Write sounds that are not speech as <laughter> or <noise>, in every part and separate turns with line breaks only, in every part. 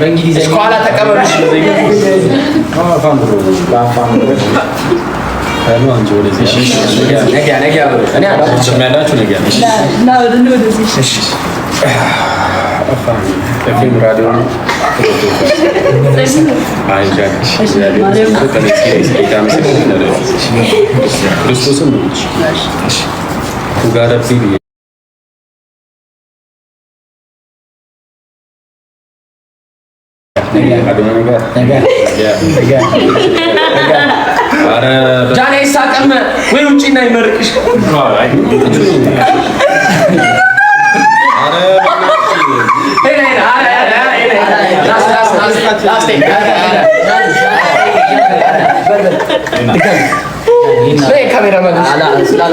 በእንግሊዝ እስኳላ ተቀበሉሽ።
ክርስቶስን ነው gotta
ጃኔ ሳቀመ ወይ ውጭና ይመርቅሽ። ስራ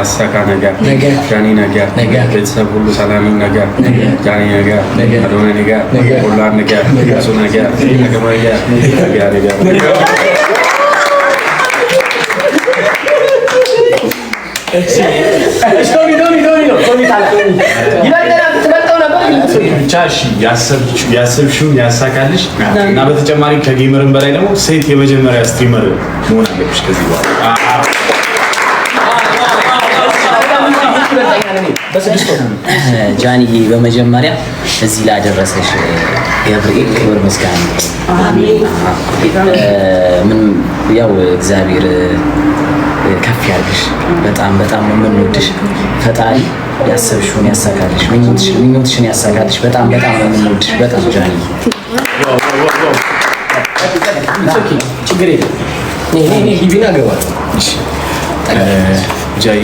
አሳካ ነገር ጃኒ ነገር
ቤተሰብ ሁሉ ሰላም ነገር ጃኒ ነገር አዶናይ ነገር ሁላን ነገር እሱ ነገር
ነገር ነገር ያሰብሽውን
ያሳካልሽ እና በተጨማሪ ከጌመርን በላይ ደግሞ ሴት የመጀመሪያ ስትሪመር መሆን አለብሽ ከዚህ በኋላ
ጃንዬ በመጀመሪያ እዚህ ላደረሰሽ ገብርኤል ክብር ምስጋና። ምን ያው እግዚአብሔር ከፍ ያድርግሽ። በጣም በጣም ነው የምንወድሽ። ፈጣሪ ያሰብሽውን ያሳካልሽ፣ ምኞትሽን ያሳካልሽ። በጣም በጣም ነው የምንወድሽ። በጣም ጃኒ ችግር የለም። ቢቢና ገባል
ጃይ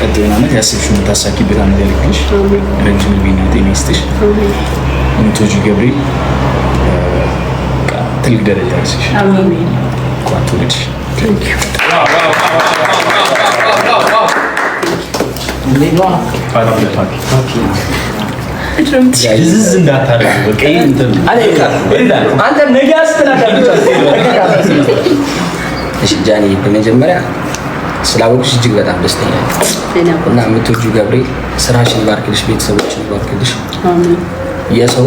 ቀጥና ነት ያሰብሽውን የምታሳኪበት ዓመት ያልግልሽ፣ ረጅም ዕድሜና ጤና ይስጥሽ። ምቶጂ ገብርኤል ትልቅ ደረጃ ያስሽ ቋት ውልድሽ
ጃኒ በመጀመሪያ ስላወቅሽ እጅግ በጣም ደስተኛ እና የምትወጂው ገብርኤል ስራሽን ባርክልሽ፣ ቤተሰቦችን ባርክልሽ የሰው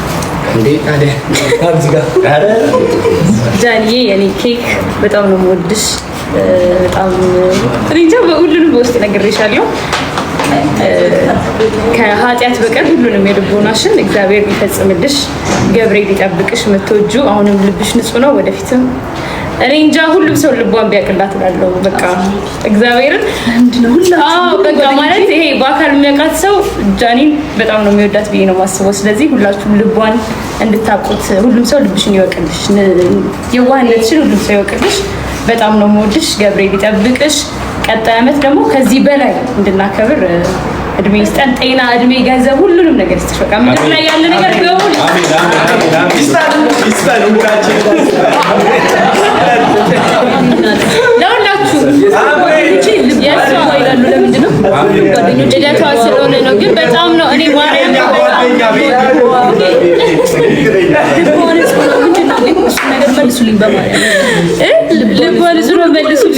ዳንዬ የኔ ኬክ በጣም ነው የምወድሽ። በጣም እኔ እንጃ በሁሉንም በውስጥ ነግሬሻለሁ። ከኃጢአት በቀር ሁሉንም የልቦናሽን እግዚአብሔር ቢፈጽምልሽ ገብርኤል ሊጠብቅሽ የምትወጁ አሁንም ልብሽ ንጹሕ ነው። ወደፊትም እኔ እንጃ ሁሉም ሰው ልቧን ቢያቅላት እላለሁ። በቃ እግዚአብሔርን በቃ ማለት ይሄ በአካል የሚያውቃት ሰው ጃኒን በጣም ነው የሚወዳት ብዬ ነው ማስበው። ስለዚህ ሁላችሁም ልቧን እንድታቁት ሁሉም ሰው ልብሽን ይወቅልሽ፣ የዋህነትሽን ሁሉም ሰው ይወቅልሽ። በጣም ነው የምወድሽ። ገብርኤል ቢጠብቅሽ ቀጣይ ዓመት ደግሞ ከዚህ በላይ እንድናከብር እድሜ ይስጠን። ጤና፣ እድሜ፣ ገንዘብ፣ ሁሉንም ነገር ይስጥሽ። በቃ ምድር ላይ ያለ ነገር በሙሉ ለምንድን ነው ስለሆነ ነው። ግን በጣም ነው እኔ ማርያም ነገር መልሱልኝ በማርያም ልብ ልብ መልሱልኝ።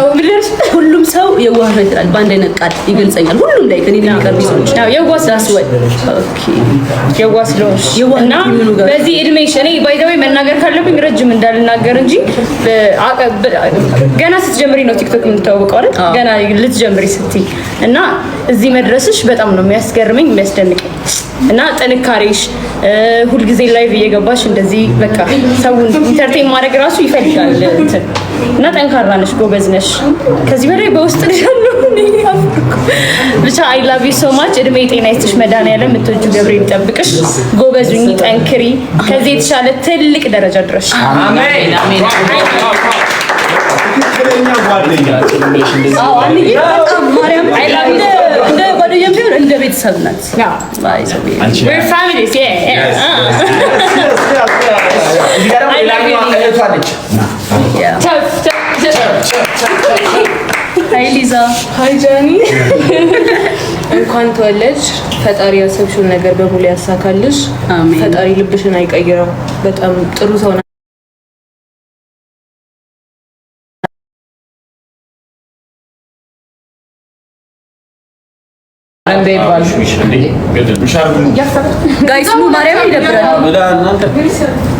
ስራው ብደርስ ሁሉም ሰው የዋህ ነው ይላል። በአንድ አይነት ቃል ይገልጸኛል። ሁሉም ላይ ከኔ የሚቀርቡ ሰዎች ያው የዋህ ዳስ ወይ ኦኬ የዋህ ስለሆንሽ የዋህ እና በዚህ እድሜሽ እኔ ባይ ዘ ወይ መናገር ካለብኝ ረጅም እንዳልናገር እንጂ ገና ስትጀምሪ ነው ቲክቶክ የምትተዋወቀው አይደል? ገና ልትጀምሪ ስትይ እና እዚህ መድረስሽ በጣም ነው የሚያስገርመኝ የሚያስደንቀኝ እና ጥንካሬሽ ሁልጊዜ ላይቭ እየገባሽ እንደዚህ በቃ ሰውን ኢንተርቴን ማድረግ ራሱ ይፈልጋል እንትን እና ጠንካራ ነሽ፣ ጎበዝ ነሽ። ከዚህ በላይ በውስጥ ያለው ብቻ አይ ላቭ ዩ ሶ ማች። እድሜ ጤና ይስጥሽ፣ መድኃኒዓለም የምትወጁ ገብሬ ይጠብቅሽ። ጎበዙኝ፣ ጠንክሪ፣ ከዚህ የተሻለ ትልቅ ደረጃ ድረሽ።
አሜን
እንደ ቤተሰብ ናት። <laughs> ሀይ ሊዛ፣
ሀይ ጃኒ፣ <laughs> እንኳን ተወለድሽ። ፈጣሪ ያሰብሽውን ነገር በሙሉ ያሳካልሽ። ፈጣሪ ልብሽን አይቀይረው። በጣም ጥሩ ሰው
ጋይስ ማርያም ይደብራል።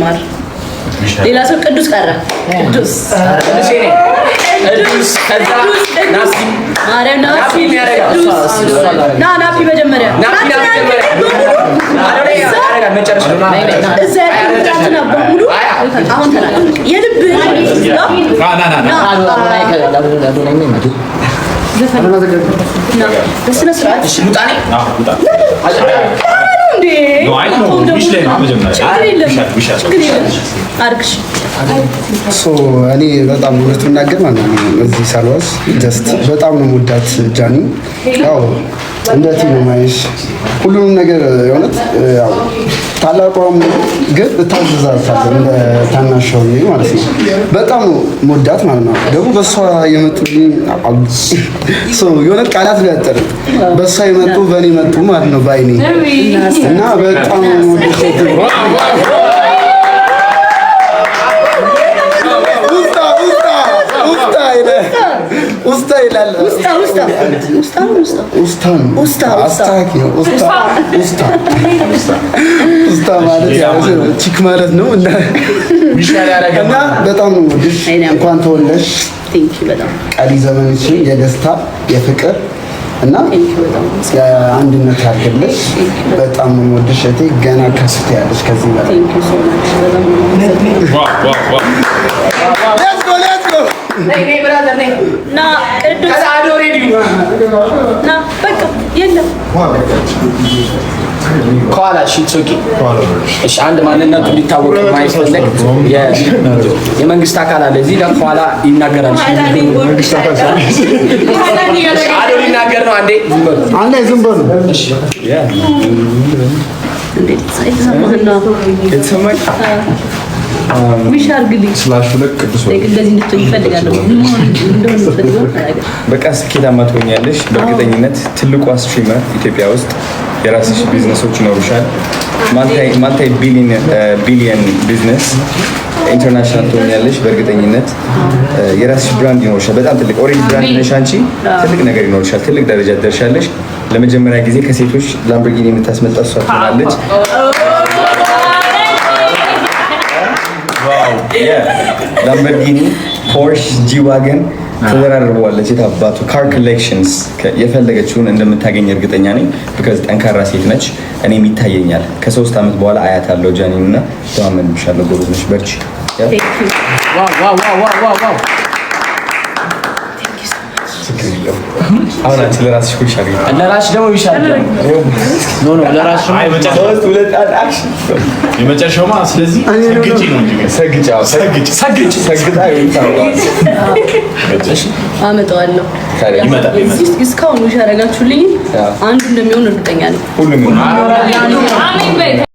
ማር ሌላ ሰው ቅዱስ ቀረ።
ቅዱስ መጀመሪያ የልብ እኔ
በጣም እውነት ብናገር ማለት ነው እዚህ ሳልዋስ ጀስት በጣም ነው የምወዳት ጃኒ። ያው እንደት ነው ማየሽ ሁሉንም ነገር የእውነት ታላቋም ግን እታዘዛታለሁ እንደ ታናሽ ሆኜ ማለት ነው። በጣም ነው መወዳት ማለት ነው። ደግሞ በእሷ የመጡ የሆነ ቃላት ሊያጠር በእሷ የመጡ በእኔ መጡ ማለት ነው በአይኔ እና በጣም ነው ውስጣ ማለት ማለት ነው እና በጣም ነው እንኳን ተወለሽ ቀሪ ዘመንሽን የደስታ የፍቅር እና አንድነት ያድርግልሽ። በጣም ወድሽ እቴ ገና ከዚህ በላይ
ከኋላ እሺ፣ አንድ ማንነቱ እንዲታወቅ የማይፈለግ የመንግስት አካል አለ። እዚህ ጋር ከኋላ ይናገራል። አዶ
ነው። ዊሽ አድርግልኝ
በቃ ስኬታማ ትሆኛለሽ በእርግጠኝነት። ትልቋ ስትሪመር ኢትዮጵያ ውስጥ የራስሽ ቢዝነሶች ይኖሩሻል። ማልታይ ቢሊየን ቢዝነስ ኢንተርናሽናል ትሆኛለሽ በእርግጠኝነት። የራስሽ ብራንድ ይኖርሻል፣ በጣም ትልቅ ኦልሬዲ ብራንድ ነሽ አንቺ። ትልቅ ነገር ይኖርሻል፣ ትልቅ ደረጃ ትደርሻለሽ። ለመጀመሪያ ጊዜ ከሴቶች ላምበርጊኒ የምታስመጣ እሷ ትሆናለች። የላምበርጊኒ ፖርሽ ጂ ተደራርበዋለች። የት አባቱ ካር ኮሌክሽንስ የፈለገችውን እንደምታገኝ እርግጠኛ ነኝ። ብከዚ ጠንካራ ሴት ነች፣ እኔም ይታየኛል። ከሶስት ዓመት በኋላ አያት አለው ጃኒን እና ተማመንብሻለሁ። ጎበዝ ነች፣ በርቺ። አሁን አንቺ ለራስሽ እኮ ይሻል፣
ለራስሽ ደግሞ ይሻል። ኖ ኖ ለራስሽ ነው።
አይ መጨረሻው ሁለት አክሽን የመጨረሻውማ። ስለዚህ ሰግጪ ነው እንጂ ሰግጪ፣ አዎ ሰግጪ፣ ሰግጪ፣ ሰግጣ አመጣዋለሁ። ይመጣል፣
ይመጣል። እስካሁን ውሻ ያደረጋችሁልኝ አንዱ እንደሚሆን እርግጠኛ ነኝ።
ሁሉም አሜን።